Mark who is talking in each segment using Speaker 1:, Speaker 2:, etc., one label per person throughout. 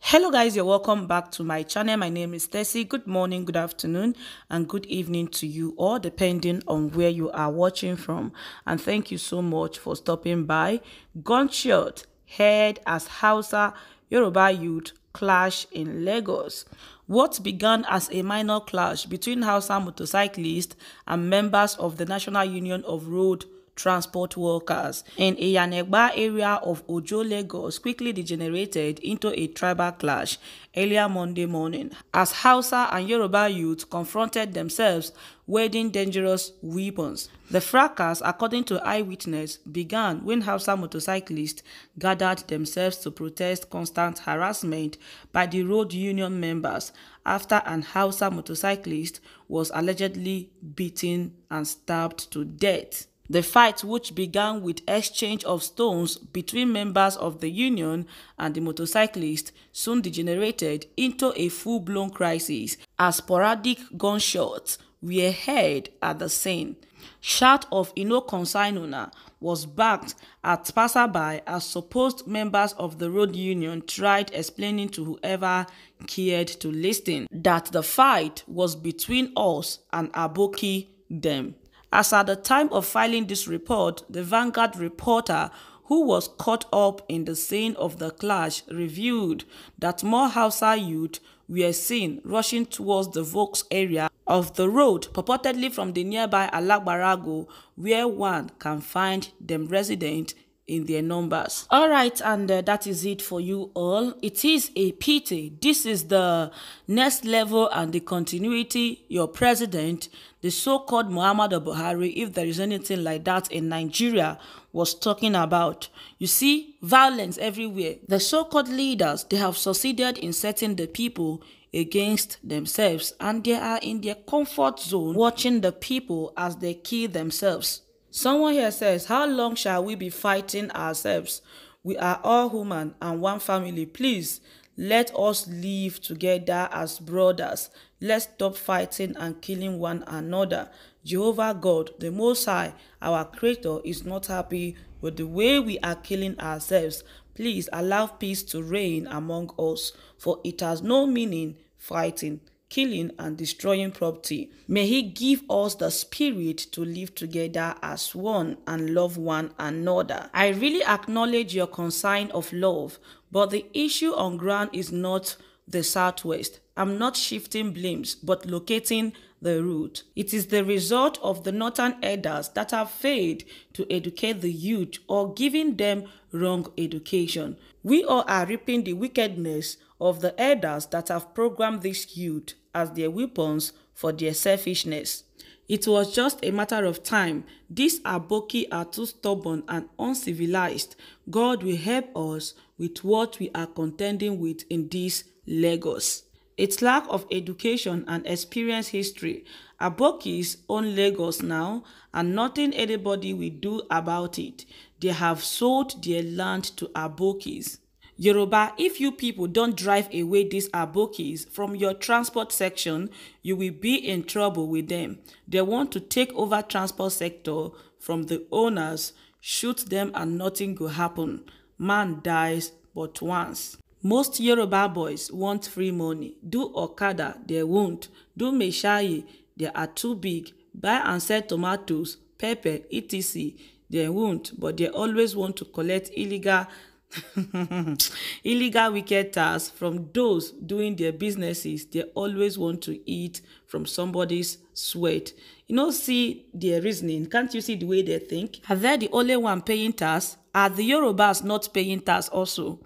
Speaker 1: hello guys you're welcome back to my channel my name is Tessie good morning good afternoon and good evening to you all depending on where you are watching from and thank you so much for stopping by gunshot head as Hausa Yoruba youth clash in Lagos what began as a minor clash between Hausa motorcyclists and members of the National Union of Road transport workers in Iyanegba area of Ojo, Lagos quickly degenerated into a tribal clash earlier Monday morning as Hausa and Yoruba youth confronted themselves wielding dangerous weapons. The fracas, according to eyewitness, began when Hausa motorcyclists gathered themselves to protest constant harassment by the road union members after an Hausa motorcyclist was allegedly beaten and stabbed to death. The fight, which began with exchange of stones between members of the union and the motorcyclist, soon degenerated into a full-blown crisis as sporadic gunshots were heard at the scene. Shout of Ino Consignuna was backed at passerby as supposed members of the road union tried explaining to whoever cared to listen that the fight was between us and Aboki them. As at the time of filing this report, the Vanguard reporter who was caught up in the scene of the clash revealed that more Hausa youth were seen rushing towards the Vokes area of the road, purportedly from the nearby Alagbarago, where one can find them resident in their numbers. All right, and uh, that is it for you all. It is a pity. This is the next level and the continuity your president, the so-called Muhammad Buhari, if there is anything like that in Nigeria, was talking about. You see, violence everywhere. The so-called leaders, they have succeeded in setting the people against themselves and they are in their comfort zone watching the people as they kill themselves. Someone here says, How long shall we be fighting ourselves? We are all human and one family. Please let us live together as brothers. Let's stop fighting and killing one another. Jehovah God, the Most High, our Creator, is not happy with the way we are killing ourselves. Please allow peace to reign among us, for it has no meaning fighting. killing and destroying property. May He give us the spirit to live together as one and love one another. I really acknowledge your concern of love, but the issue on ground is not the Southwest. I'm not shifting blames, but locating the root. It is the result of the northern elders that have failed to educate the youth or giving them wrong education. We all are reaping the wickedness of the elders that have programmed this youth as their weapons for their selfishness. It was just a matter of time. These Aboki are too stubborn and uncivilized. God will help us with what we are contending with in this Lagos. Its lack of education and experience history. Abokis own Lagos now and nothing anybody will do about it. They have sold their land to Abokis. Yoruba, if you people don't drive away these abokis from your transport section, you will be in trouble with them. They want to take over transport sector from the owners, shoot them and nothing will happen. Man dies but once. Most Yoruba boys want free money. Do Okada, they won't. Do Meshayi, they are too big. Buy and sell tomatoes, pepper, etc. They won't, but they always want to collect illegal illegal wicked tax from those doing their businesses they always want to eat from somebody's sweat you know see their reasoning can't you see the way they think are they the only one paying tax are the yorubas not paying tax also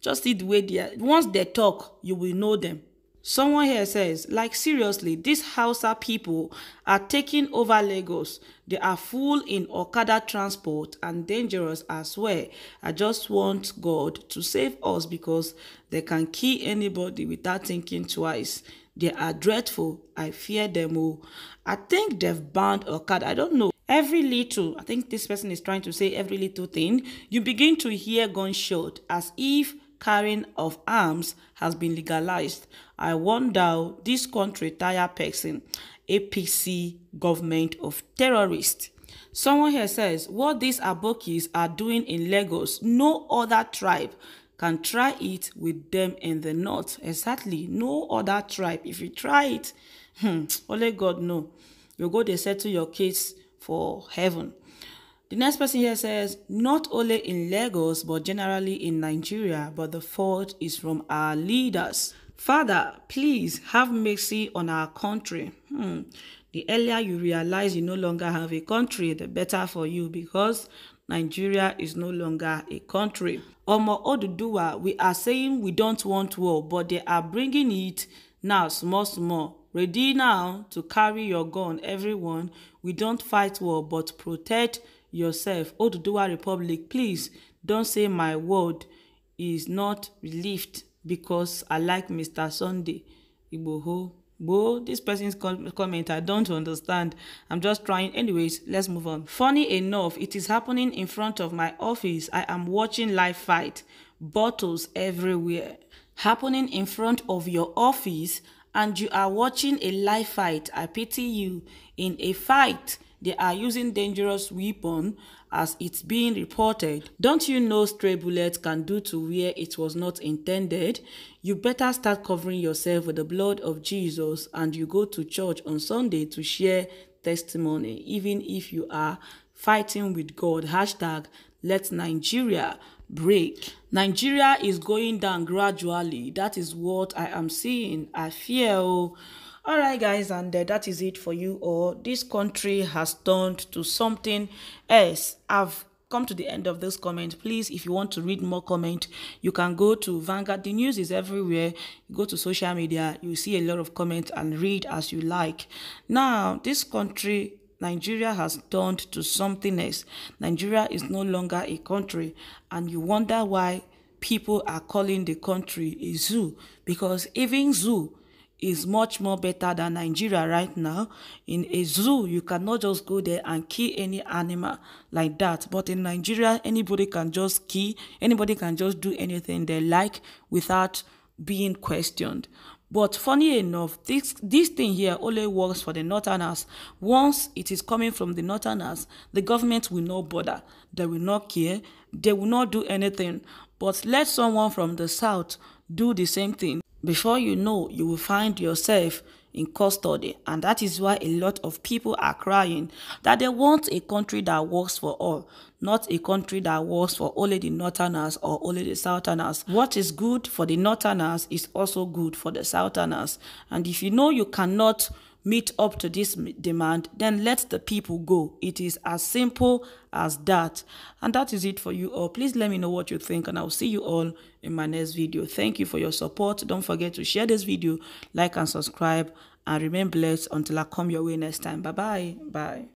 Speaker 1: just see the way they are once they talk you will know them Someone here says, like seriously, these Hausa people are taking over Lagos. They are full in Okada transport and dangerous as well. I just want God to save us because they can kill anybody without thinking twice. They are dreadful. I fear them all. I think they've banned Okada. I don't know. Every little, I think this person is trying to say every little thing, you begin to hear gunshot as if carrying of arms has been legalized. I wonder this country tire person, APC government of terrorists. Someone here says, what these Abokis are doing in Lagos, no other tribe can try it with them in the north. Exactly. No other tribe. If you try it, hmm, only God know. You go, they settle your case for heaven. The next person here says, not only in Lagos, but generally in Nigeria, but the fault is from our leaders. Father, please have mercy on our country. Hmm. The earlier you realize you no longer have a country, the better for you because Nigeria is no longer a country. Omo Oduduwa, we are saying we don't want war, but they are bringing it now small small. Ready now to carry your gun, everyone. We don't fight war, but protect yourself Oduduwa Republic please don't say my word is not relieved because I like Mr. Sunday Iboho, Whoa, this person's comment, I don't understand. I'm just trying. Anyways, let's move on. Funny enough, it is happening in front of my office. I am watching live fight. Bottles everywhere. Happening in front of your office and you are watching a live fight, I pity you. In a fight, they are using dangerous weapon as it's being reported. Don't you know stray bullets can do to where it was not intended? You better start covering yourself with the blood of Jesus and you go to church on Sunday to share testimony, even if you are fighting with God. Hashtag let Nigeria break. Nigeria is going down gradually. That is what I am seeing. I feel, oh. All right, guys, and uh, that is it for you all. This country has turned to something else. I've come to the end of this comment please if you want to read more comment you can go to vanguard the news is everywhere you go to social media you see a lot of comment and read as you like now this country Nigeria has turned to something else. Nigeria is no longer a country, and you wonder why people are calling the country a zoo because even zoo is much more better than Nigeria right now. In a zoo, you cannot just go there and kill any animal like that. But in Nigeria, anybody can just kill, anybody can just do anything they like without being questioned. But funny enough, this, this thing here only works for the northerners. Once it is coming from the northerners, the government will not bother. They will not care. They will not do anything. But let someone from the south do the same thing. Before you know, you will find yourself in custody. And that is why a lot of people are crying that they want a country that works for all, not a country that works for only the Northerners or only the Southerners. What is good for the Northerners is also good for the Southerners. And if you know you cannot meet up to this demand, then let the people go. It is as simple as that. And that is it for you all. Please let me know what you think and I'll see you all in my next video. Thank you for your support. Don't forget to share this video, like and subscribe, and remain blessed until I come your way next time. Bye-bye. Bye. -bye. Bye.